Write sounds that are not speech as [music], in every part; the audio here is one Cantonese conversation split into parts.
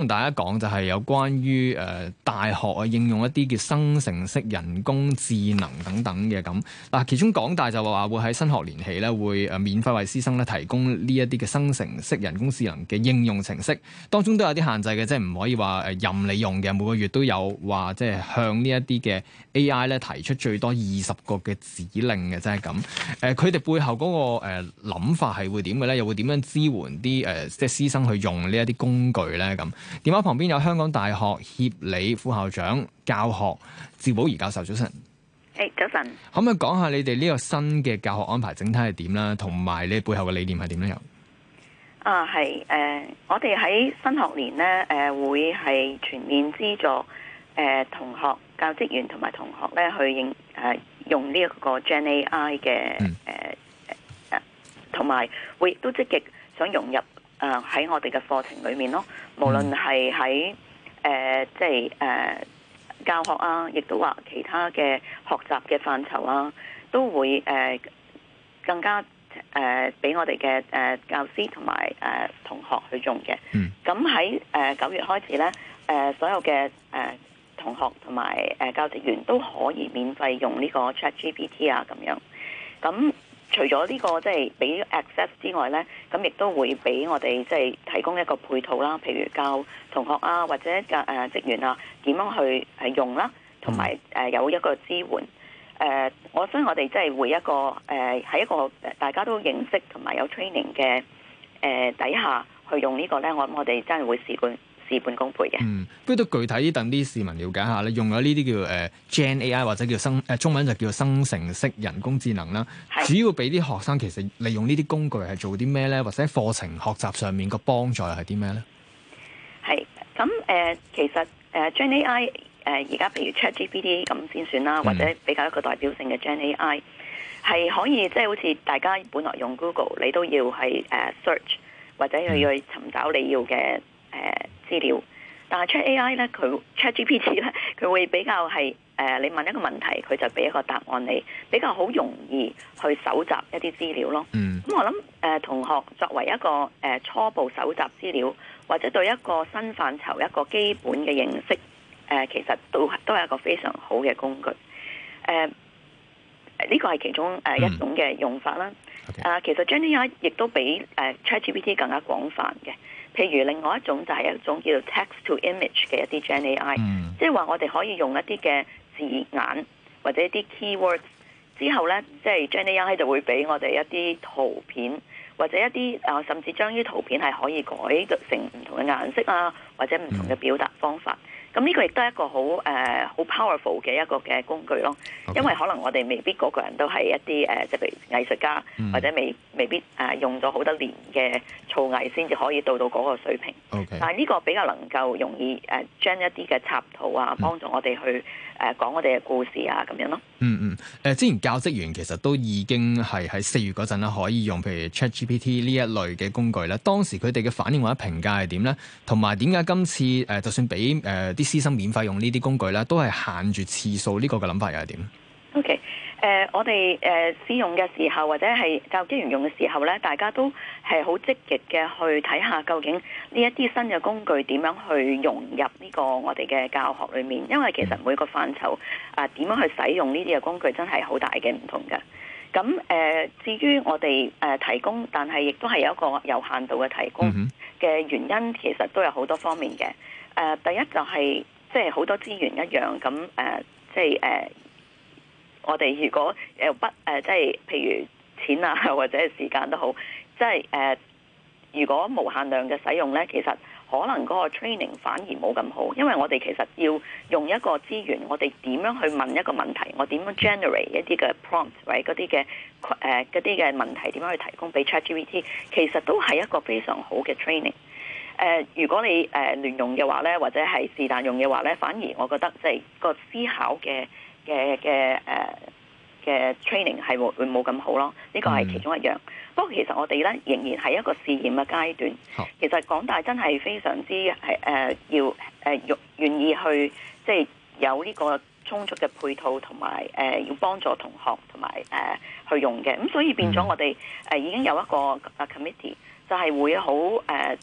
同大家講就係有關於誒大學啊應用一啲叫生成式人工智能等等嘅咁嗱，其中港大就話會喺新學年起咧會誒免費為師生咧提供呢一啲嘅生成式人工智能嘅應用程式，當中都有啲限制嘅，即係唔可以話誒任你用嘅，每個月都有話即係向呢一啲嘅 AI 咧提出最多二十個嘅指令嘅，即係咁。誒，佢哋背後嗰個誒諗法係會點嘅咧？又會點樣支援啲誒即係師生去用呢一啲工具咧？咁？電話旁邊有香港大學協理副校長教學趙寶貽教授，早晨。誒，hey，早晨。可唔可以講下你哋呢個新嘅教學安排整體係點啦？同埋你背後嘅理念係點咧？又啊，係誒、呃，我哋喺新學年咧誒、呃，會係全面資助誒同學、教職員同埋同學咧去應誒、呃、用呢一個 GenAI 嘅誒誒誒，同埋、嗯呃、會都積極想融入。誒喺我哋嘅課程裏面咯，無論係喺誒即係誒、呃、教學啊，亦都話其他嘅學習嘅範疇啦、啊，都會誒、呃、更加誒俾、呃、我哋嘅誒教師同埋誒同學去用嘅。咁喺誒九月開始咧，誒、呃、所有嘅誒、呃、同學同埋誒教職員都可以免費用呢個 ChatGPT 啊，咁樣咁。除咗呢、這個即係俾 access 之外呢，咁亦都會俾我哋即係提供一個配套啦，譬如教同學啊或者教誒職員啊點樣去用啦，同埋誒有一個支援誒、呃，我所以我哋即係會一個誒喺、呃、一個大家都認識同埋有 training 嘅誒、呃、底下去用呢個呢。我諗我哋真係會試過。事半功倍嘅。嗯，不如都具體等啲市民了解下咧。用咗呢啲叫誒、呃、Gen AI 或者叫生誒、呃、中文就叫生成式人工智能啦。是主要俾啲學生其實利用呢啲工具係做啲咩咧，或者課程學習上面個幫助係啲咩咧？係咁誒，其實誒、呃、Gen AI 誒而家譬如 ChatGPT 咁先算啦，嗯、或者比較一個代表性嘅 Gen AI 係可以即係、就是、好似大家本來用 Google 你都要係誒、uh, search 或者要去去尋找你要嘅誒。嗯資料，但係 Chat AI 咧，佢 Chat GPT 咧，佢會比較係誒、呃，你問一個問題，佢就俾一個答案你，比較好容易去搜集一啲資料咯。嗯，咁、嗯、我諗誒、呃、同學作為一個誒、呃、初步搜集資料或者對一個新範疇一個基本嘅認識誒、呃，其實都都係一個非常好嘅工具。誒、呃，呢、這個係其中誒、呃、一種嘅用法啦。嗯 okay. 啊，其實 Gen AI 亦都比誒 Chat GPT 更加廣泛嘅。譬如另外一種就係一種叫做 text to image 嘅一啲 Gen AI，即係話我哋可以用一啲嘅字眼或者一啲 keywords，之後咧即係 Gen AI 就會俾我哋一啲圖片或者一啲啊、呃、甚至將啲圖片係可以改成唔同嘅顏色啊或者唔同嘅表達方法。Mm. 咁呢個亦都係一個好誒好、uh, powerful 嘅一個嘅工具咯，Okay. 因為可能我哋未必個個人都係一啲誒，即、uh, 係譬如藝術家、嗯、或者未未必誒、uh, 用咗好多年嘅造詣先至可以到到嗰個水平，Okay. 但係呢個比較能夠容易誒、uh, 嗯、將一啲嘅插圖啊，幫助我哋去誒、uh, 講我哋嘅故事啊咁樣咯。嗯嗯，誒之前教職員其實都已經係喺四月嗰陣可以用譬如 ChatGPT 呢一類嘅工具咧。當時佢哋嘅反應或者評價係點咧？同埋點解今次誒就算俾誒啲師生免費用呢啲工具咧，都係限住次數？呢個嘅諗法又係點？O.K.，誒、uh,，我哋誒使用嘅時候，或者係教職員用嘅時候咧，大家都係好積極嘅去睇下，究竟呢一啲新嘅工具點樣去融入呢個我哋嘅教學裏面。因為其實每個範疇啊，點、uh, 樣去使用呢啲嘅工具真，真係好大嘅唔同嘅。咁誒，至於我哋誒、uh, 提供，但係亦都係有一個有限度嘅提供嘅原因，mm hmm. 其實都有好多方面嘅。誒、uh,，第一就係即係好多資源一樣咁誒，即係誒。Uh, 即係 uh, 我哋如果誒不誒、呃，即係譬如錢啊或者時間都好，即係誒、呃、如果無限量嘅使用咧，其實可能嗰個 training 反而冇咁好，因為我哋其實要用一個資源，我哋點樣去問一個問題，我點樣 generate 一啲嘅 prompt 或者嗰啲嘅誒啲嘅問題點樣去提供俾 ChatGPT，其實都係一個非常好嘅 training。誒、呃，如果你誒亂、呃、用嘅話咧，或者係是但用嘅話咧，反而我覺得即係個思考嘅嘅嘅誒嘅 training 係會冇咁好咯，呢個係其中一樣。不過、mm. 其實我哋咧仍然係一個試驗嘅階段。Oh. 其實港大真係非常之係誒、呃、要誒、呃、願意去即係有呢個充足嘅配套同埋誒要幫助同學同埋誒去用嘅。咁所以變咗我哋誒、mm. 呃、已經有一個 committee 就係會好誒、呃、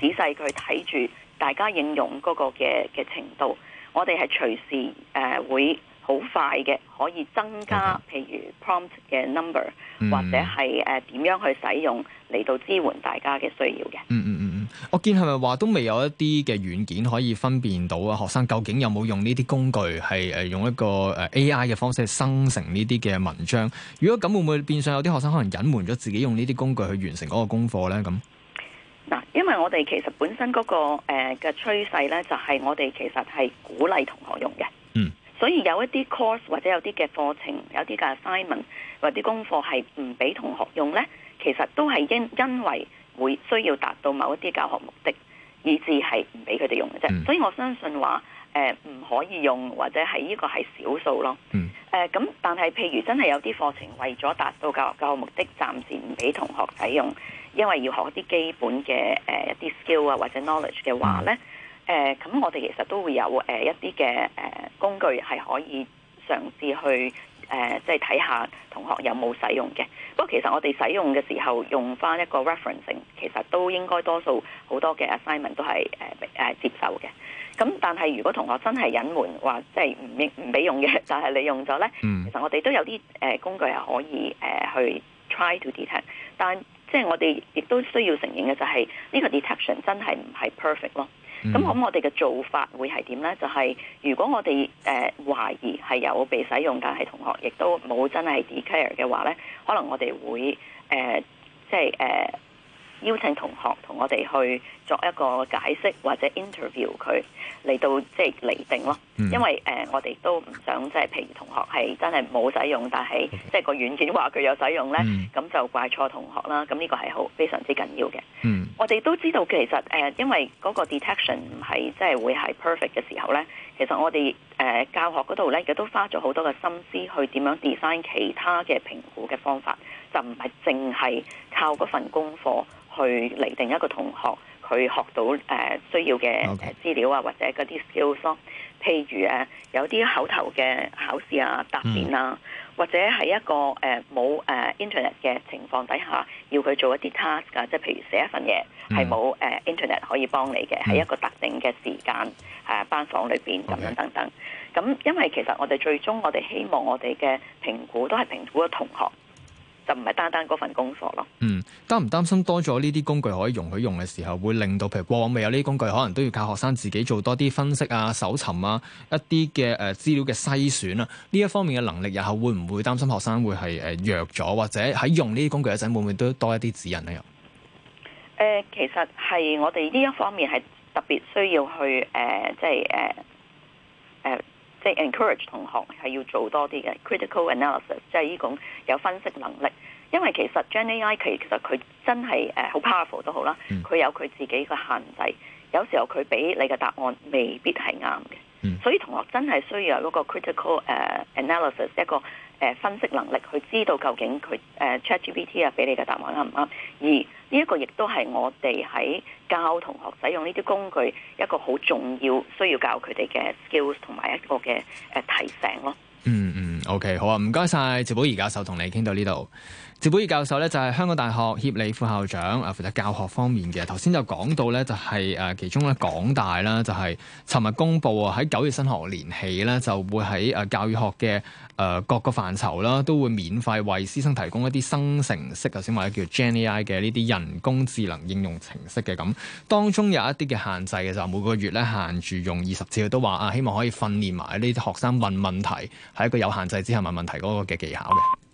仔細去睇住大家應用嗰個嘅嘅程度。我哋係隨時誒、呃、會。好快嘅可以增加，Okay. 譬如 prompt 嘅 number，嗯、或者係誒點樣去使用嚟到支援大家嘅需要嘅。嗯嗯嗯嗯，我見係咪話都未有一啲嘅軟件可以分辨到啊？學生究竟有冇用呢啲工具係誒、呃、用一個誒 AI 嘅方式生成呢啲嘅文章？如果咁會唔會變相有啲學生可能隱瞞咗自己用呢啲工具去完成嗰個功課咧？咁嗱，因為我哋其實本身嗰、那個誒嘅趨勢咧，就係、是、我哋其實係鼓勵同學用嘅。所以有一啲 course 或者有啲嘅課程，有啲嘅 assignment 或啲功課係唔俾同學用呢，其實都係因因為會需要達到某一啲教學目的，以至係唔俾佢哋用嘅啫。嗯、所以我相信話，誒、呃、唔可以用或者係呢個係少數咯。咁、嗯呃，但係譬如真係有啲課程為咗達到教學教學目的，暫時唔俾同學使用，因為要學一啲基本嘅誒、呃、一啲 skill 啊或者 knowledge 嘅話呢。嗯誒咁，呃、我哋其實都會有誒、呃、一啲嘅誒工具，係可以嘗試去誒、呃、即係睇下同學有冇使用嘅。不過其實我哋使用嘅時候，用翻一個 referencing，其實都應該多數好多嘅 assignment 都係誒誒接受嘅。咁但係如果同學真係隱瞞話，即係唔唔俾用嘅，但係你用咗咧，嗯、其實我哋都有啲誒、呃、工具係可以誒、呃、去 try to detect，但即係我哋亦都需要承認嘅就係、是、呢、呢個 detection 真係唔係 perfect 咯。咁咁，mm hmm. 我哋嘅做法會係點呢？就係、是、如果我哋誒、呃、懷疑係有被使用，但係同學亦都冇真係 declare 嘅話呢，可能我哋會誒、呃，即係誒。呃邀請同學同我哋去作一個解釋或者 interview 佢嚟到即係釐定咯， [noise] 因為誒、呃、我哋都唔想即係譬如同學係真係冇使用，但係即係個軟件話佢有使用咧，咁 [noise] 就怪錯同學啦。咁呢個係好非常之緊要嘅。 [noise] 我哋都知道其實誒、呃，因為嗰個 detection 唔係即係、就是、會係 perfect 嘅時候咧，其實我哋誒、呃、教學嗰度咧亦都花咗好多嘅心思去點樣 design 其他嘅評估嘅方法，就唔係淨係靠嗰份功課。去釐定一個同學佢學到誒、呃、需要嘅誒、呃、資料啊，或者嗰啲 skills，譬如啊有啲口頭嘅考試啊、答辯啊，嗯、或者係一個誒冇、呃、誒 internet 嘅情況底下，要佢做一啲 task 啊，即係譬如寫一份嘢係冇誒、嗯、internet 可以幫你嘅，喺、嗯、一個特定嘅時間誒、啊、班房裏邊咁樣等等。咁 okay. 因為其實我哋最終我哋希望我哋嘅評估都係評估個同學。就唔係單單嗰份工作咯。嗯，擔唔擔心多咗呢啲工具可以容許用嘅時候，會令到譬如過往未有呢啲工具，可能都要靠學生自己做多啲分析啊、搜尋啊一啲嘅誒資料嘅篩選啊呢一方面嘅能力，然後會唔會擔心學生會係誒弱咗，或者喺用呢啲工具嘅陣會唔會都多一啲指引呢？誒、呃，其實係我哋呢一方面係特別需要去誒、呃，即係誒。呃即係 encourage 同學係要做多啲嘅 critical analysis，即係呢種有分析能力。因為其實 Gen AI 其其實佢真係誒 power 好 powerful 都好啦，佢、嗯、有佢自己嘅限制，有時候佢俾你嘅答案未必係啱嘅，嗯、所以同學真係需要有嗰個 critical 誒、uh, analysis，一係個，誒、uh, 分析能力，去知道究竟佢誒、uh, ChatGPT 啊、uh, 俾你嘅答案啱唔啱？而呢一個亦都係我哋喺教同學使用呢啲工具一個好重要需要教佢哋嘅 skills 同埋一個嘅誒提醒咯。嗯嗯，OK，好啊，唔該晒。趙寶貽教授同你傾到呢度。趙寶貽教授咧就係、是、香港大學協理副校長，啊負責教學方面嘅。頭先就講到咧，就係、是、誒、呃、其中咧港大啦，就係、是、尋日公布喎，喺九月新學年起咧，就會喺誒、呃、教育學嘅誒、呃、各個範疇啦，都會免費為師生提供一啲生成式頭先話叫 GenAI 嘅呢啲人工智能應用程式嘅咁。當中有一啲嘅限制嘅就每個月咧限住用二十次，佢都，都話啊希望可以訓練埋呢啲學生問問題。係一個有限制之下問問題嗰個嘅技巧嘅。